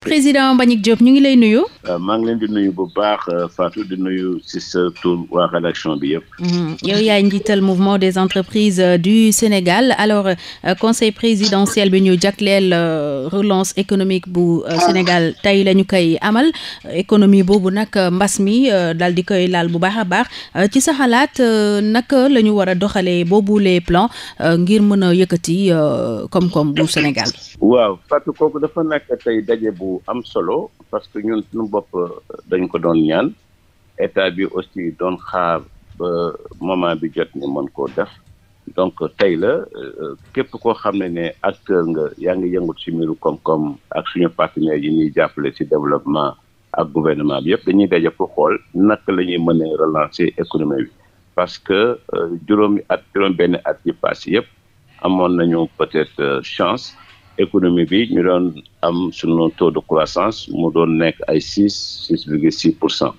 Président Mbagnick Diop ñu ngi lay nuyu. Euh, maa ngi leen di nuyu bu baax euh, Fatou di nuyu ci sa tur waa rédaction bi yëpp. Mm-hmm. yow yaay njiital mouvement des entreprises euh, du Sénégal alors conseil présidentiel bi ñu jagleel relance économique bu Sénégal tey lañu ñu koy amal économie boobu nag mbas mi daal di koy laal bu baax a baax ci sa xalaat naka la ñu war a doxalee boobu les plans ngir mën a yëkkati koom-koom bu Sénégal. bu am solo parce que ñun suñu bopp euh, dañ ko doon ñaan état bi aussi doon xaar ba moment bi jot ni mën koo def donc tey la euh, képp koo xam ne ne acteur nga yaa ngi yëngut ci mbiru koom-koom ak suñu partenaires yi ñuy jàppale ci développement ak gouvernement bi yëpp dañuy daje pour xool nak la ñuy mën a relancer économie bi parce que euh, juróomi at juróom benn at yi passé yëpp amoon nañu peut-être chance économie bi ñu doon am sunu taux de croissance mu doon nekk ay six six virgule six pour cent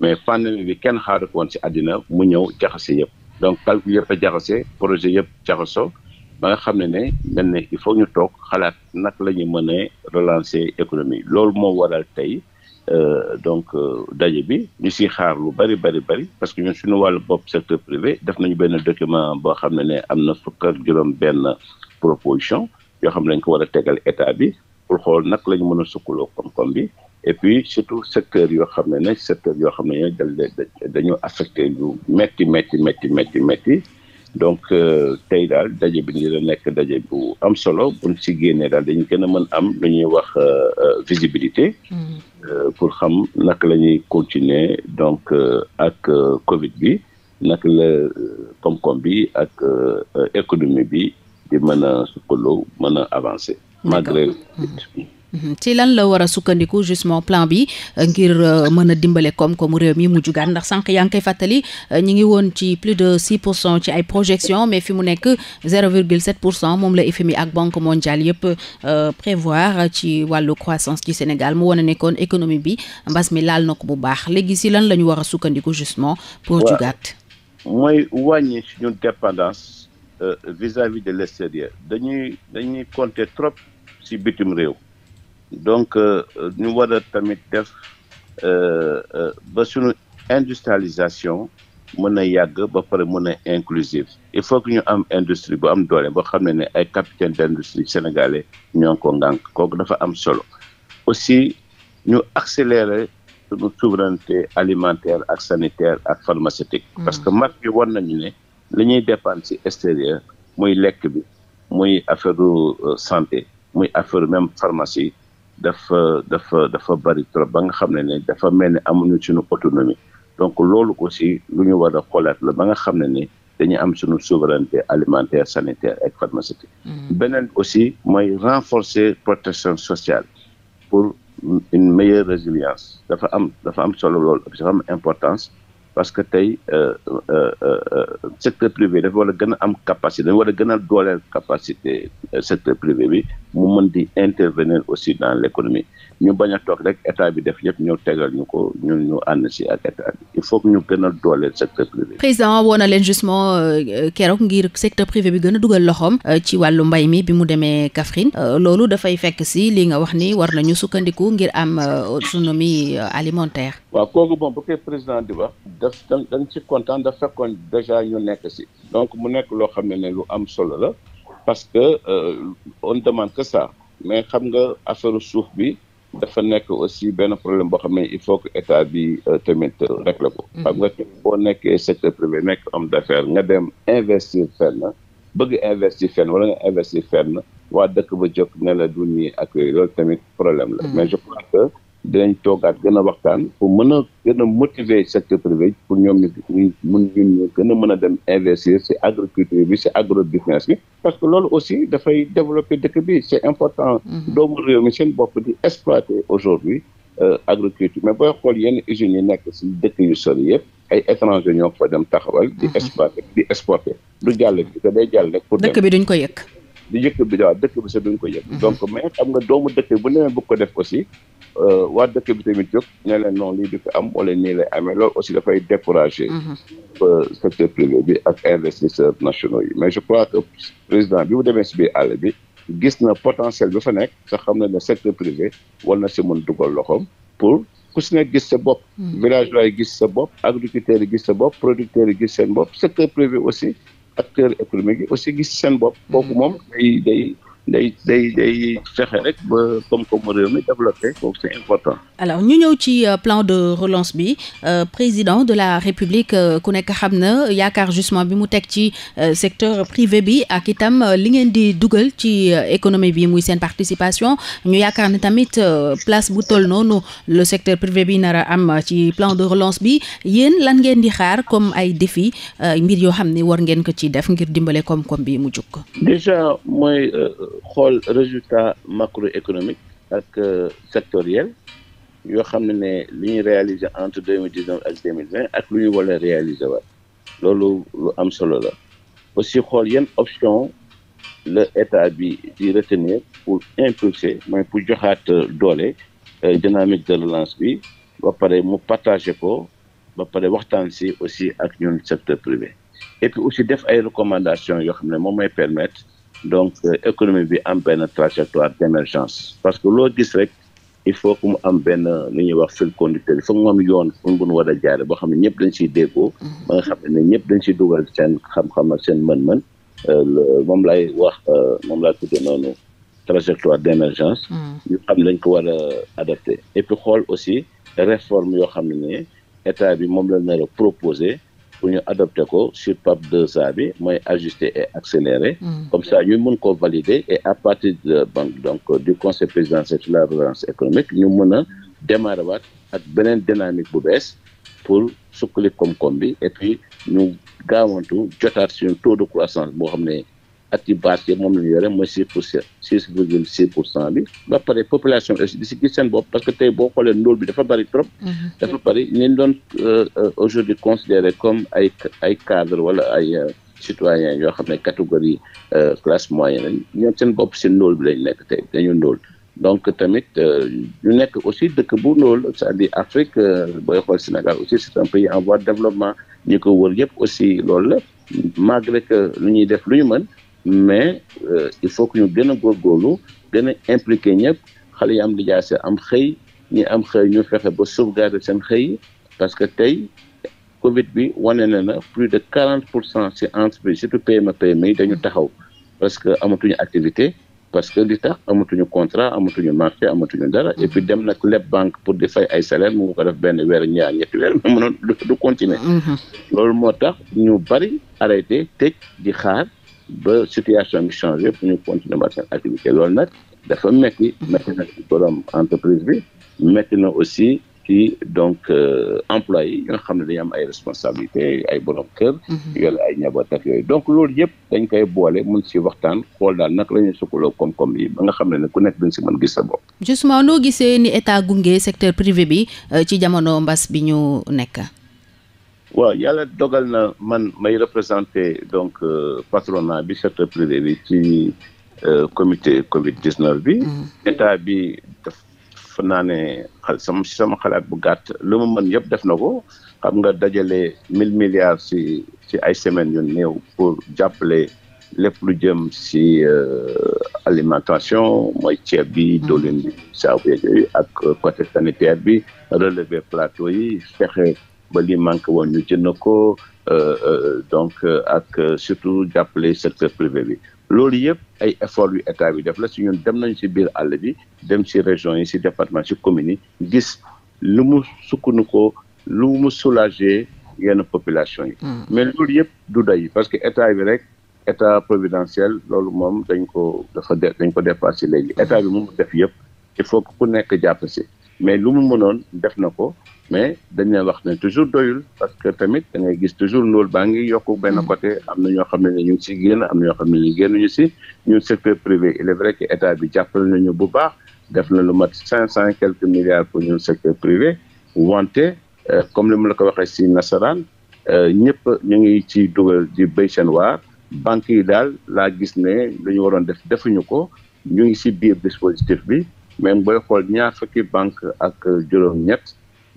mais pandémie bi kenn xaaru ko ci àddina mu ñëw jaxase yëpp donc calcul yëpp a jaxase projet yëpp jaxaso ba nga xam ne ne mel ne il faut ñu toog xalaat nag la ñu mën a relancer économie loolu moo waral tey euh, donc euh, daje bi ñu si xaar lu bari bari bari parce que ñun suñu wàllu bopp secteur privé def nañu benn document boo xam ne ne am na fukk ak juróom benn proposition yoo xam ne lañ ko war a tegal état bi pour xool nag la mën a sukkaloo koom-koom bi et puis surtout secteur yoo xam ne ne secteur yoo xam ne dañoo affecté lu métti métti métti métti métti donc euh, tey daal daje bi ni la nekk daje bu am solo buñ si génnee daal dañu gën a mën am lu ñuy wax euh, euh, visibilité mm-hmm. pour xam naka la ñuy continuer donc ak Covid bi naka la koom-koom bi ak économie bi di mhm. Mhm. Mhm. ci lan la war a sukkandiku justement plan bi euh, ngir euh, mën a dimbale koom-koomu réew mi mu jugaat ndax sànq yaa ngi koy fàttali euh, ñi ngi woon ci plus de 6 pour cent ci ay projection mais fi mu nekk 0,7 pour cent moom la FMI ak banque mondiale yëpp prévoir ci wàllu croissance ci Sénégal mu wane nekkoon économie bi mbas mi laal na ko bu baax léegi si lan la ñu war a sukkandiku justement pour jugaat mooy wàññi suñu Euh, vis-à-vis de l'extérieur dañuy dañuy compter trop ci bitim réew donc euh, ñu war a tamit def euh, ba suñu industrialisation mën a yàgg ba pare mën a inclusive il faut que ñu am industrie bu am doole boo xam ne ne ay capitaine d'industrie sénégalais ñoo ko ngànk kooku dafa am solo aussi ñu accélérer suñu souveraineté alimentaire ak sanitaire ak pharmaceutique mm. parce que mag bi war nañu ne li ñuy dépense ci extérieur muy lekk bi muy affaireu euh, santé muy affaire même pharmacie dafa dafa dafa bari trop ba nga xam ne ne dafa mel ni amuñu suñu autonomie donc loolu aussi lu ñu war a xoolaat la ba nga xam ne ni dañuy am suñu souveraineté alimentaire sanitaire ak pharmaceutique mm-hmm. beneen aussi mooy renforcer protection sociale pour une meilleure résilience dafa am dafa am solo loolu dafa am importance parce que tey euh, euh, euh, secteur privé dafa war a gën a am capacité dañu war a gën a dooleel capacité secteur privé bi mu mën di intervenir aussi dans l' ñu bañ a toog rek état bi def yëpp ñëw tegal ñu ko ñun ñu ànd si ak état bi il faut que ñu gën a dooleel secteur privé. président woo na leen justement keroog ngir secteur privé bi gën a dugal loxoom ci wàllu mbay mi bi mu demee Kaffrine loolu dafay fekk si li nga wax ni war nañu sukkandiku ngir am autonomie alimentaire. waaw kooku bon bu koy président di wax. daf da da nga ci kontaan daf fekkoon déjà ñu nekk si donc mu nekk loo xam ne ne lu am solo la parce que euh, on ne demande que ça mais xam nga affaire suuf bi dafa nekk aussi benn problème boo xam ne il faut que état bi euh, tamit rek la ko mm-hmm. xam nga boo nekkee secteur privé nekk homme d'affaires nga dem investir na bëgg investir fen wala nga investir na waa dëkk ba jóg ne la du nii ak yooyu loolu tamit problème la mm-hmm. mais je crois dinañ toogaat gën a waxtaan pour mën a gën a motiver secteur privé pour ñoom ñu mun ñun ñu gën a mën a dem investir ci agriculture bi ci agro business bi parce que loolu aussi dafay développer dëkk bi c'est important mm-hmm. doomu réew mi seen bopp di exploiter aujourd'hui euh, agriculture mais booy xool yenn usines nekk ci dëkk yu sori yëpp ay étranger ñoo fa dem taxawal di mm-hmm. exploiter di exporter du jàll bi te day rek pour dëkk bi duñ ko yëg di dëkk bi waaw dëkk bi sax duñ ko yëg mm-hmm. donc mais xam nga doomu dëkk bi bu demee bëgg ko def aussi Euh, waa dëkk bi tamit jóg ne leen non lii du fi am wala nii lay amee loolu aussi dafay décourager mhm. euh, secteur privé bi ak investisseurs nationaux yi mais je crois que président bi mu demee si biir àll bi gis na potentiel bi fa nekk te xam na ne secteur privé war na si mun dugal loxoom pour ku nekk gis sa bopp mhm. villageois yi gis sa bopp agriculteurs gis sa bopp producteurs gis seen bopp secteur privé aussi acteurs économiques gis seen bopp kooku moom day day day day day fexe rek ba koom-koomu réew mi développé alors ñu ñëw ci euh, plan de relance bi euh, président de la république euh, ku nekk xam na yaakaar justement bi mu teg ci secteur privé bi ak itam li ngeen di dugal ci économie bi muy seen participation ñu yaakaar ne tamit place bu toll noonu le secteur privé bi nara am ci plan de relance bi yéen lan ngeen di xaar comme ay défi mbir yoo xam ne war ngeen ko ci def ngir dimbale koom-koom bi mu jug. xool résultat macroéconomique ak euh, sectoriel yoo xam ne ne li ñuy réaliser entre deux mille dix neuf ak ak lu ñu wala réaliser waat loolu lu am solo la aussi xool yan option la état bi di retenir pour impulser mooy pour joxaat euh, doole euh, dynamique de relance bi ba pare mu partager ko ba pare waxtaan si aussi ak ñun secteur privé et aussi def ay recommandations yoo xam ne moom mooy permettre donc euh, économie bi am benn trajectoire d'émergence parce que loo gis rek il faut que mu am benn lu ñuy wax fil conducteur il faut mu am yoon fu mu war a jaare boo xam ne ñëpp dañ ciy déggoo mhm. xam ne ñëpp dañ ciy dugal seen xam ak seen mën-mën euh, moom lay wax euh, moom laa tudde noonu trajectoire d'émergence mhm. ñu xam lañ ko war a adapté et puis xool aussi réforme yoo xam ne état bi moom la nar a proposé pour ñu adopté ko sur PAP 2A bi mooy ajuster et accélérer. Mm. comme ça ñu mën ko valider e à partir de donc du conseil présidentiel sur la relance économique ñu mën a démarrer waat ak beneen dynamique bu bees pour sukkali koom-koom bi et puis ñu gaawantu jotaat suñu taux de croissance boo xam ne. at yu baas yi moom la ñu yore mooy six pour six virgule six pour cent bi ba pare population aussi di seen bopp parce que tey boo xoolee ndóol bi dafa bari trop mhm. dafa bari ñu doon euh, euh, aujourd'hui considéré comme ay ay cadre wala ay euh, citoyens yoo xam ne catégorie classe moyenne lañ seen bopp si ndóol bi lañ nekk tey dañu ndóol donc tamit ñu nekk aussi dëkk bu ndóol c'est-à-dire Afrique booy xool Sénégal aussi c'est un pays en de développement ñu ko wër yëpp aussi loolu la malgré que lu ñuy def lu ñu mën mais euh, il faut que ñu gën a góorgóorlu gën a impliqué ñëpp xale yi am lijaase am xëy ñi am xëy ñu fexe ba sauvegarder seen xëy parce que tey Covid bi wane na na plus de quarante pour cent ci entreprise surtout PME PMI dañu taxaw parce que amatuñu activité parce que li tax amatuñu contrat amatuñu marché amatuñu dara et puis dem nag leb banque pour di fay ay salaire mu ko def benn weer ñaar ñetti weer mais mënoon du continuer mm-hmm. loolu moo tax ñu bari arrêté tëj di ba situation bi changé pour ñu continuer ba seen activité loolu nag dafa metti metti na ci borom entreprise bi metti na aussi ci donc euh, employé yi nga xam ne dañu am ay responsabilité ay borom kër mhm. yoola ay njaboot ak yooyu donc loolu yëpp dañ koy boole mun ci waxtaan xool daal naka la ñuy sukkaloo koom-koom yi ba nga xam ne ne ku nekk dañ si mën gis sa bopp justement noo gisee ni état gunge secteur privé bi euh, ci jamono mbas bi ñu nekk waaw yàlla dogal na man may représenté donc euh, patronat bi secteur privé bi ci euh, comité Covid 19 bi. Mm. état bi def fa naa ne sama sama xalaat bu gàtt lu mu man yëpp def na ko xam nga dajale mille milliards si ci ay semaines yu néew pour jàppale. lépp lu jëm si euh, alimentation mooy ceeb bi mm. diwlin bi saabu yeeg yooyu ak côté sanitaire bi relever plateau yi fexe ba li manqué woon ñu na ko euh, euh, donc euh, ak surtout jàppale secteur privé bi loolu yëpp ay effort yu état bi def la si ñun dem nañ si biir àll bi dem si région yi si département si commune yi gis lu mu sukkanu ko lu mu soulager yenn population yi hmm. mais loolu yëpp du day parce que état bi rek état providentiel loolu moom dañ ko dafa dañ ko dépassé léegi état bi mu def yëpp il faut ku nekk jàpp si mais lu mu mënoon def na ko mais dañ la wax ne toujours doyul parce que tamit da ngay gis toujours loolu baa ngi yokk benn mm. côté am na ñoo xam ne ñu ngi si génn am na ñoo xam ne ñu si ñun secteur privé il est vrai que état bi jàppale nañu bu baax def na lu mat cinq cent quelques milliards pour ñun secteur privé wante euh, comme li mu la ko waxee si nasaraan euh, ñëpp ñu ngi ci dugal di béy seen waar banques yi daal laa gis ne lu ñu waroon def defuñu ko ñu ngi si biir dispositif bi même booy xool ñaar fukki banque ak juróom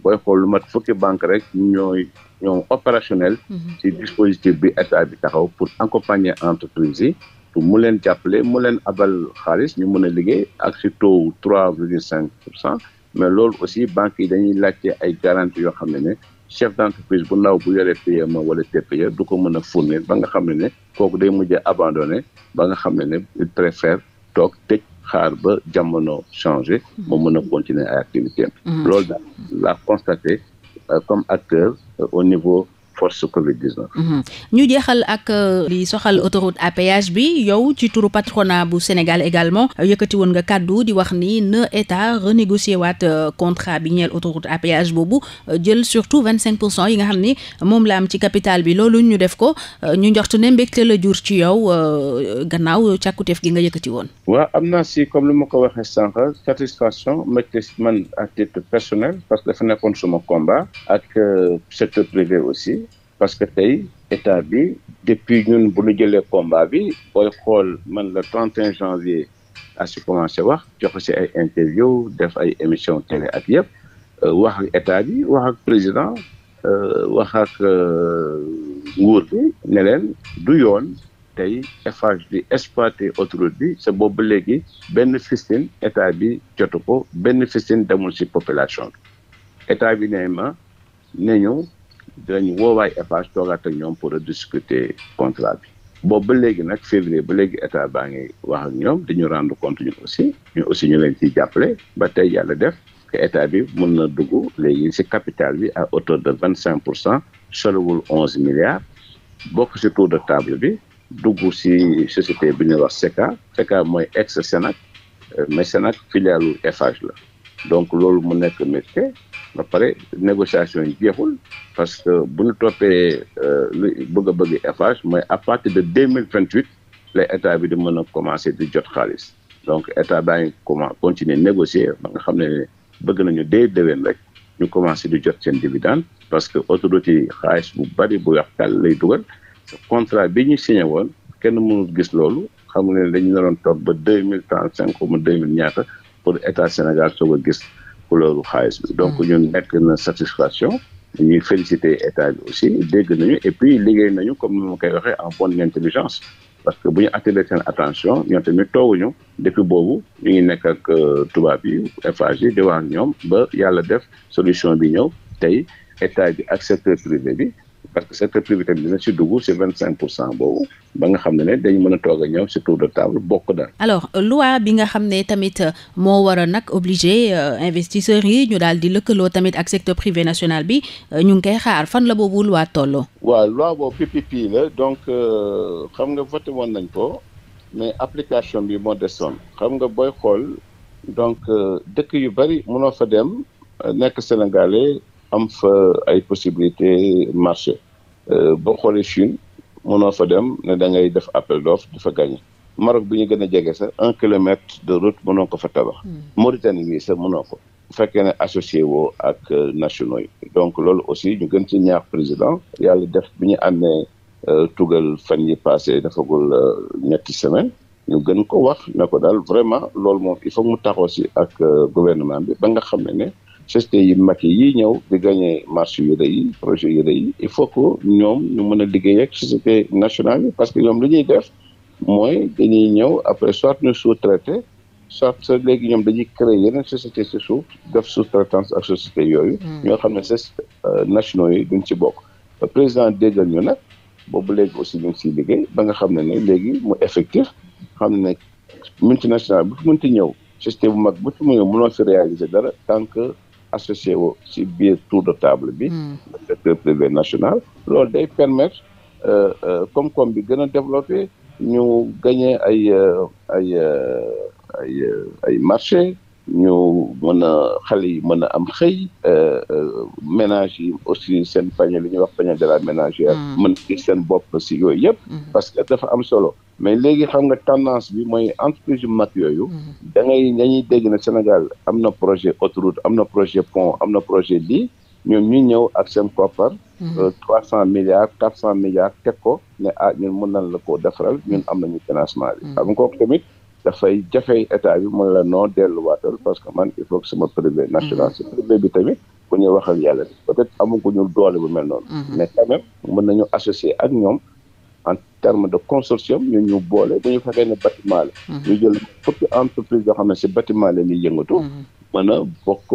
booy xool lu mat fukki banque rek ñooy ñoom opérationnel mhm. ci dispositif bi état bi taxaw pour accompagner entreprise yi pour mu leen jàppale mu leen abal xaalis ñu mën a liggéey ak si taux trois virgule cinq pour cent mais loolu aussi banque yi dañuy laajte ay garantie yoo xam ne ne chef d' bu ndaw bu yore PME wala TPE du ko mën a fournir ba nga xam ne ne kooku day mujjee abandonné ba nga xam ne ne il préfère toog tëj xaar ba jamono changé mu mën a continuer ay activité am mm-hmm. constaté euh, comme acteur euh, au niveau force Covid 19. ñu jeexal ak euh, li soxal autoroute à péage bi yow ci turu patronat bu Sénégal également euh, yëkkati woon nga kàddu di wax ni na état renégocier waat euh, contrat bi ñeel autoroute à péage boobu jël surtout vingt yi nga xam ni moom la am ci capital bi loolu ñu def ko ñu njort ne mbégte la jur ci yow gannaaw càkkuteef gi nga yëkkati woon. waaw am naa si comme lu ma ko waxee sànq satisfaction mbégte man à titre ak secteur privé aussi. parce que tey état bi depuis ñun bu ñu jëlee combat bi booy xool man la le 31 janvier a si commencé wax joxe si ay interview def ay émission télé ak yëpp euh, wax ak état bi wax ak président euh, wax ak euh, nguur bi ne leen du yoon tey Eiffage di exploité autoroute bi sa boobu léegi benn fistine état bi jotu ko benn fistine demul si population bi état bi nee ma ne ñu dinañ woowaay Eiffage toogaat ak ñoom pour discuter contrat bi boobu ba léegi nag février ba léegi état baa ngi wax ak ñoom dañu rendre compte aussi ñu aussi ñu leen ciy jàppale ba tey yàlla def que état bi mën na dugg léegi ci capital bi à hauteur de vingt cinq pour cent solowul onze milliards bokk ci tour de table bi dugg ci société bi ñuy wax SECA SECA mooy ex Sénac euh, mais Sénac filialu Eiffage la donc loolu mu nekk métier ba pare négociation yi jeexul parce que bu ñu toppee euh, lu bëgg bëgg Eiffage mooy à partir de deux mille vingt huit la état bi di mën a commencer di jot xaalis donc état baa ngi comment continuer négocier ba nga xam ne bëgg nañu dee déwén rek ñu commencer di jot seen dividende parce que autorité yi xaalis bu bari bu weex yàqal lay dugal contrat bi ñu signé woon kenn mënul gis loolu xam ne dañu naroon toog ba deux mille trente cinq ou deux mille ñaata pour état Sénégal soog a gis couleuru xaalis bi donc hmm. ñun nekk na satisfaction ñuy féliciter état bi aussi dégg nañu et puis liggéey nañu comme ni ma koy waxee en bonne intelligence parce que bu ñu attiré seen attention ñoom tamit tooguñu depuis boobu ñu ngi nekk ak euh, tubaab yi Eiffage yi di ñoom ba yàlla def solution bi ñëw tey état bi ak secteur privé bi parce que secteur privé tamit dina si dugg si vingt cinq pour cent boobu ba nga xam ne ne dañ mën a toog a ñoom surtout de table bokk daal. alors euh, loi bi nga xam ne tamit euh, moo war a nag obligé euh, investisseurs yi ñu daal di lëkkaloo tamit ak secteur privé national bi ñu ngi koy xaar fan la boobu loi tolloo. waaw loi boobu PPP la donc xam nga voté woon nañ ko mais application bi moo desoon xam nga booy xool donc dëkk yu bari mënoo fa dem nekk sénégalais. am fa ay possibilité marché euh, boo xoolee Chine mënoo fa dem ne da ngay def appel d'offre di fa gagné Maroc bi ñu gën a jege sax un kilomètre de route mënoo ko fa tabax hmm. Mauritanie bi sax mënoo ko bu fekkee ne associé woo ak euh, nationaux yi donc loolu aussi ñu gën ci ñaax président yàlla def bi ñu amee euh, tugal fan yi passé dafagul ñetti semaine ñu gën ko wax ne ko daal vraiment loolu moom il faut mu taxaw si ak gouvernement bi ba nga xam ne ne sociétés yu mag yi yii ñëw di gagné marché yu rëy yi projet yu rëy yi il faut que ñoom ñu mën a liggéey ak société nationale yi parce que ñoom lu ñuy def mooy dañuy ñëw après soit ñu sous-traité soit léegi ñoom dañuy créer yeneen société ci suuf def sous-traitance ak société yooyu hmm. ñoo xam ne ces euh, nationaux yi duñ ci bokk président déggal ñu nag boobu léegi aussi ñu ngi liggéey ba nga xam ne ne léegi mu effectif xam ne multinational bu fi mënti ñëw société bu mag bu fi mu ñëw fi réaliser dara que associé wu ci biir tour de table bi. Hmm. le secteur privé national. loolu day permettre koom-koom euh, euh, bi gën a développé ñu gagné ay euh, ay ay ay marché ñu mën a xale yi mën a am xëy. ménage yi aussi seen panier li ñuy wax panier de la ménagère. Hmm. mën ci seen bopp si yooyu yëpp. Hmm. parce que dafa am solo. mais léegi xam nga tendance bi mooy entreprise yu yooyu. Mm-hmm. da ngay dañuy dégg na Sénégal am na projet autoroute am na projet pont am na projet lii ñoom ñu ñëw ak seen koppar. Mm-hmm. Euh, trois cent milliards quatre cent milliards teg ko ne ah ñun mën nañ la koo defaral ñun am nañu financement bi. xam nga kooku tamit dafay jafey état bi mën la noo delluwaatal parce que man il faut que sama privé national si mm-hmm. privé bi tamit. ku ñuy waxal yàlla peut-être ñu doole bu mel noonu. mais quand même mën ak ñoom. en terme de consortium ñu ñu boole bu ñu fekkee ne bâtiment la mhm. ñu jël fukki entreprise yoo xam ne si bâtiment la ñuy yëngatu mhm. mën a bokk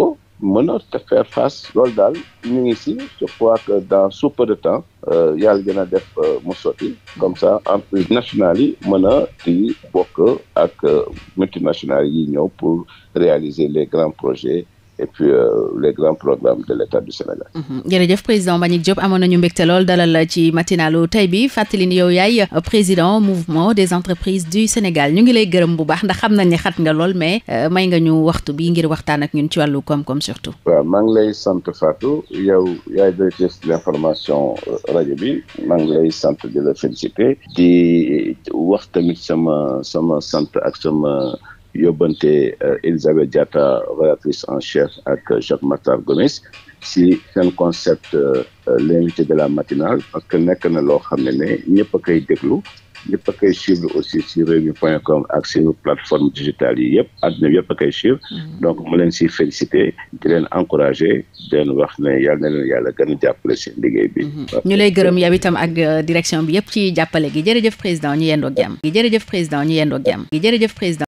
mën a faire face loolu daal ñu ngi si je crois que dans sous peu de temps euh, yàlla dina def euh, mu sotti comme ça entreprise nationale yi mën a di bokk ak euh, multinationales yi ñëw pour réaliser les grands projets et puis euh, les grands programmes de l'État du Sénégal. Mhm. jërëjëf président Mbagnick Diop amoon nañu mbégte lool dalal ci matinalu tey bi fàttali yow yaay euh, président mouvement des entreprises du Sénégal ñu ngi lay gërëm bu baax ndax xam nañ ne xat nga lool mais euh, may nga ñu waxtu bi ngir waxtaan ak ñun ci wàllu koom-koom surtout. waaw ngi lay sant Fatou yow yaay directrice de l'information rajo bi maa ngi lay sant di la féliciter di wax tamit sama sant ak sama. yóbbante euh, Elisabeth Diatta rédactrice en chef ak Jacques Matar Gomis si seen concept euh, euh, l'invité de la matinale parce que nekk na loo xam ne ne ñëpp a déglu ñëpp a koy suivre aussi si rewmi point com ak si plateforme digitale yi yëpp àdduna bi yëpp koy suivre mm-hmm. donc mu leen si félicité di leen encouragé di leen yàlla na a jàppale seen liggéey bi mm-hmm. ñu lay gërëm yow itam ak direction bi yëpp ci jàppale gi jërëjëf président ñu yendoo jàmm gi jërëjëf président ñu yendoo jàmm